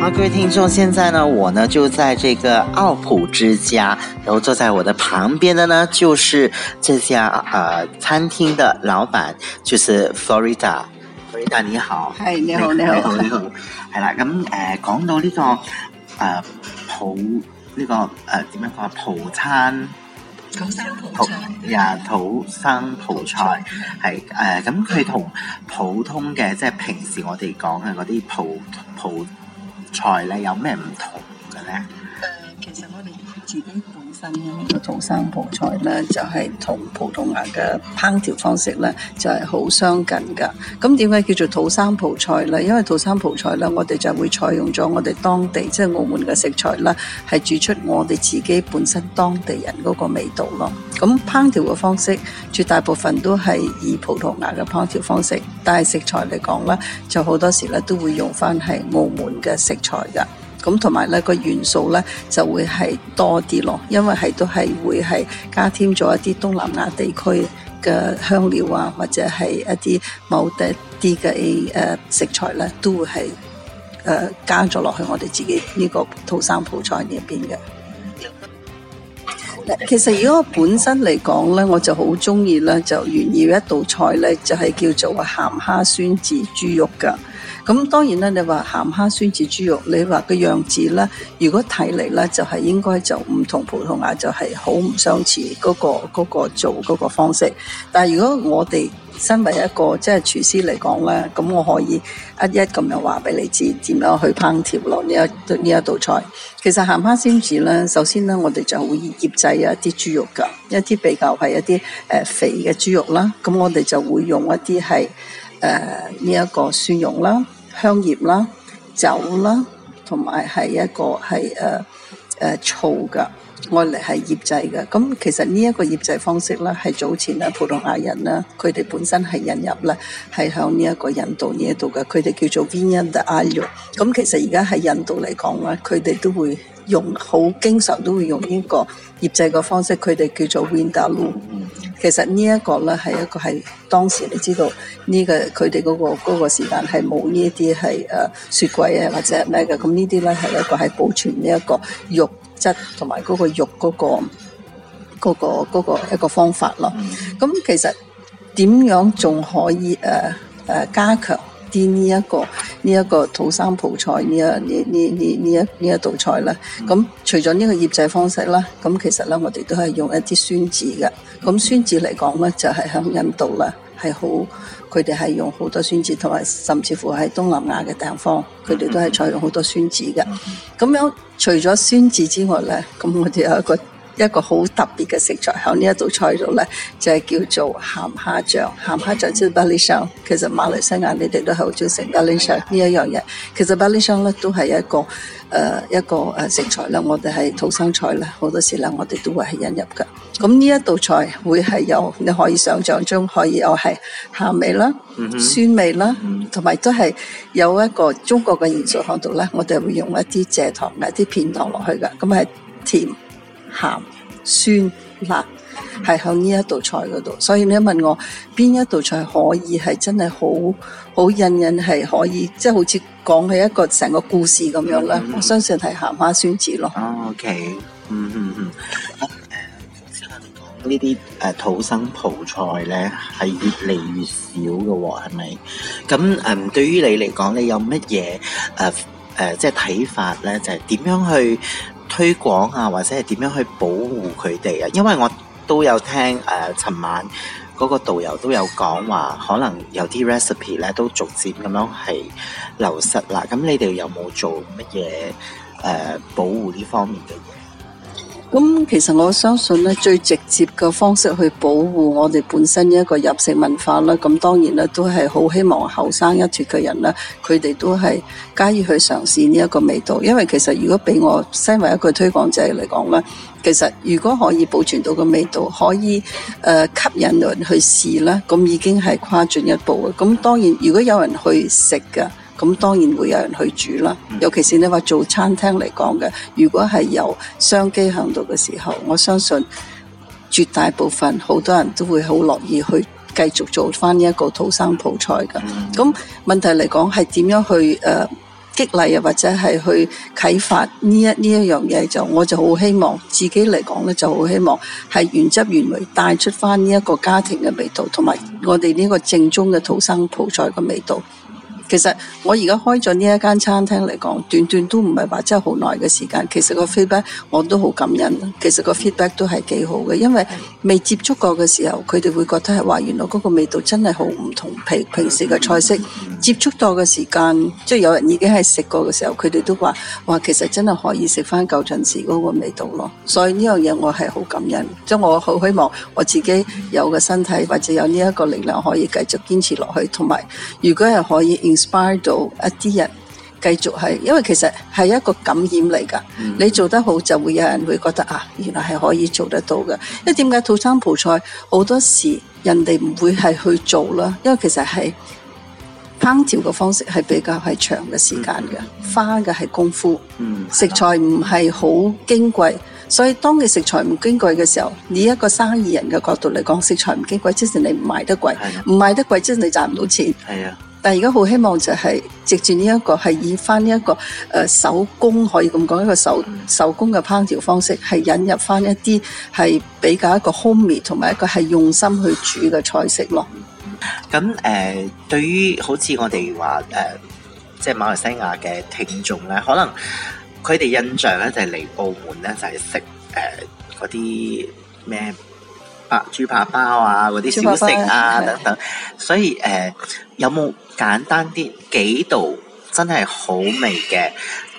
好，各位聽眾，現在呢，我呢就在這個澳葡之家，然後坐在我的旁邊的呢，就是這家呃餐廳的老闆，就是 Florida。Florida，你好。係，你好，你好，你好，你好。係啦，咁誒講到呢個誒葡呢個誒點樣講啊？葡餐，土生葡菜，呀，土生葡菜係誒，咁佢同普通嘅即係平時我哋講嘅嗰啲普普菜咧有咩唔同嘅咧？誒，其實我哋。自己本身嘅呢個土生葡菜咧，就係同葡萄牙嘅烹調方式咧，就係好相近噶。咁點解叫做土生葡菜呢？因為土生葡菜咧，我哋就會採用咗我哋當地即係澳門嘅食材啦，係煮出我哋自己本身當地人嗰個味道咯。咁烹調嘅方式，絕大部分都係以葡萄牙嘅烹調方式，但係食材嚟講咧，就好多時咧都會用翻係澳門嘅食材噶。咁同埋咧個元素咧就會係多啲咯，因為係都係會係加添咗一啲東南亞地區嘅香料啊，或者係一啲某啲啲嘅誒食材咧，都會係誒、呃、加咗落去我哋自己呢個土生葡菜呢邊嘅。其實如果我本身嚟講咧，我就好中意咧就炫耀一道菜咧，就係、是、叫做鹹蝦酸子、豬肉噶。咁當然啦，你話鹹蝦酸子、豬肉，你話個樣子咧，如果睇嚟呢，就係、是、應該就唔同葡萄牙就係好唔相似嗰、那個嗰、那個做嗰個方式。但係如果我哋身為一個即係廚師嚟講咧，咁我可以一一咁樣話俾你知點樣去烹調落呢一呢一道菜。其實鹹蝦酸子呢，首先呢，我哋就會醃製一啲豬肉噶，一啲比較係一啲誒、呃、肥嘅豬肉啦。咁我哋就會用一啲係。誒呢一個蒜蓉啦、香葉啦、酒啦，同埋係一個係誒誒醋嘅，愛嚟係醃製嘅。咁其實呢一個醃製方式咧，係早前咧，葡萄牙人啦，佢哋本身係引入啦，係向呢一個印度嘢度嘅，佢哋叫做 vinha d'alhos。咁其實而家喺印度嚟講咧，佢哋都會用好經常都會用呢個醃製嘅方式，佢哋叫做 Vindaloo。其實呢一個咧係一個係當時你知道呢、這個佢哋嗰個嗰、那個時間係冇呢啲係誒雪櫃啊或者咩嘅，咁呢啲咧係一個係保存呢一個肉質同埋嗰個肉嗰、那個嗰、那個嗰、那個一個方法咯。咁其實點樣仲可以誒誒加強啲呢一、這個？呢一個土生葡菜，呢一呢呢呢呢一呢一道菜啦。咁除咗呢個醃製方式啦，咁其實咧，我哋都係用一啲酸子嘅。咁酸子嚟講咧，就係喺印度啦，係好佢哋係用好多酸子，同埋甚至乎喺東南亞嘅地方，佢哋都係採用好多酸子嘅。咁樣除咗酸子之外咧，咁我哋有一個。一個好特別嘅食材，喺呢一道菜度咧，就係、是、叫做鹹蝦醬。鹹蝦醬即係 balichang 其實馬來西亞你哋都好中意食 balichang 呢一樣嘢。其實 balichang 咧都係一個誒、呃、一個誒食材啦，我哋係土生菜啦，好多時啦我哋都會係引入嘅。咁呢一道菜會係有你可以想像中可以有係鹹味啦、嗯、哼酸味啦，同埋、嗯、都係有一個中國嘅元素喺度咧。我哋會用一啲蔗糖、一啲片糖落去嘅，咁係甜。鹹、酸、辣，係喺呢一道菜嗰度，所以你問我邊一道菜可以係真係好好引人，係可以即係、就是、好似講起一個成個故事咁樣咧，嗯、我相信係鹹蝦酸子咯、哦。OK，嗯嗯嗯。誒、嗯，好似我哋講呢啲誒土生葡菜咧，係越嚟越少嘅，係咪？咁誒、嗯，對於你嚟講，你有乜嘢誒誒，即係睇法咧？就係、是、點、就是、樣去？推廣啊，或者係點樣去保護佢哋啊？因為我都有聽誒，尋晚嗰個導遊都有講話，可能有啲 recipe 咧都逐漸咁樣係流失啦。咁你哋有冇做乜嘢誒保護呢方面嘅嘢？咁其實我相信呢，最直接嘅方式去保護我哋本身的一個飲食文化啦。咁當然啦，都係好希望後生一脱嘅人啦，佢哋都係加以去嘗試呢一個味道，因為其實如果俾我身為一個推廣者嚟講啦，其實如果可以保存到個味道，可以誒吸引到人去試啦，咁已經係跨進一步嘅。咁當然，如果有人去食嘅。咁當然會有人去煮啦，尤其是你話做餐廳嚟講嘅，如果係有商機響度嘅時候，我相信絕大部分好多人都會好樂意去繼續做翻呢一個土生葡菜㗎。咁、嗯、問題嚟講係點樣去誒、呃、激勵啊，或者係去啟發呢一呢一樣嘢？就我就好希望自己嚟講咧，就好希望係原汁原味帶出翻呢一個家庭嘅味道，同埋我哋呢個正宗嘅土生葡菜嘅味道。其實我而家開咗呢一間餐廳嚟講，短短都唔係話真係好耐嘅時間，其實個 feedback 我都好感恩，其實個 feedback 都係幾好嘅，因為未接觸過嘅時候，佢哋會覺得係話原來嗰個味道真係好唔同平平時嘅菜式。接觸到嘅時間，即係有人已經係食過嘅時候，佢哋都話哇，其實真係可以食翻舊陣時嗰個味道咯。所以呢樣嘢我係好感恩，即係我好希望我自己有個身體或者有呢一個力量可以繼續堅持落去。同埋如果係可以，spiral 一啲人繼續係，因為其實係一個感染嚟噶。嗯、你做得好，就會有人會覺得啊，原來係可以做得到嘅。因為點解土生葡菜好多時人哋唔會係去做啦？因為其實係烹調嘅方式係比較係長嘅時間嘅，嗯、花嘅係功夫。嗯、食材唔係好矜貴，所以當你食材唔矜貴嘅時候，以一個生意人嘅角度嚟講，食材唔矜貴，即使你賣得貴，唔賣的得貴，即使你賺唔到錢。係啊。但而家好希望就係藉住呢一個係以翻呢一個誒、呃、手工可以咁講一個手手工嘅烹調方式，係引入翻一啲係比較一個 homie 同埋一個係用心去煮嘅菜式咯。咁誒、呃，對於好似我哋話誒，即、呃、係、就是、馬來西亞嘅聽眾咧，可能佢哋印象咧就係嚟澳門咧就係食誒嗰啲咩？呃啊，豬扒包啊，嗰啲小食啊等等，啊、所以誒、呃，有冇簡單啲幾道真係好味嘅，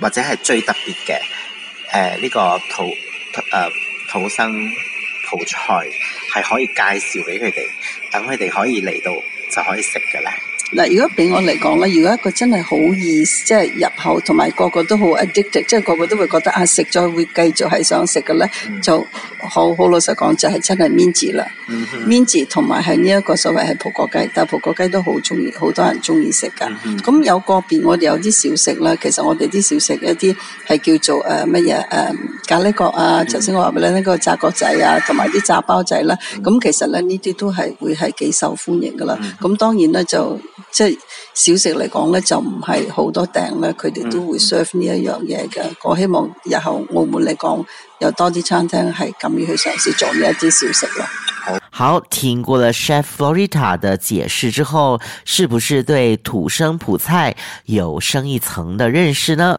或者係最特別嘅誒呢個土誒土、啊、土生葡菜係可以介紹俾佢哋，等佢哋可以嚟到就可以食嘅咧。嗱，如果俾我嚟講咧，如果一個真係好易，即係入口，同埋個個都好 addictive，即係個個都會覺得啊食咗會繼續係想食嘅咧，就好好老實講，就係真係免治啦。免治同埋係呢一個所謂係葡國雞，但葡國雞都好中意，好多人中意食噶。咁、mm hmm. 有個別我哋有啲小食啦，其實我哋啲小食一啲係叫做誒乜嘢誒咖喱角啊，頭先我話俾你聽嗰個炸角仔啊，同埋啲炸包仔啦。咁、mm hmm. 其實咧呢啲都係會係幾受歡迎噶啦。咁、mm hmm. 當然咧就。即係小食嚟講咧，就唔係好多訂咧，佢哋都會 serve 呢一樣嘢嘅。嗯、我希望日後澳門嚟講，有多啲餐廳係咁於去嘗試，試做呢一啲小食咯。好，好，聽過了 Chef Florita 的解釋之後，是不是對土生葡菜有深一層的認識呢？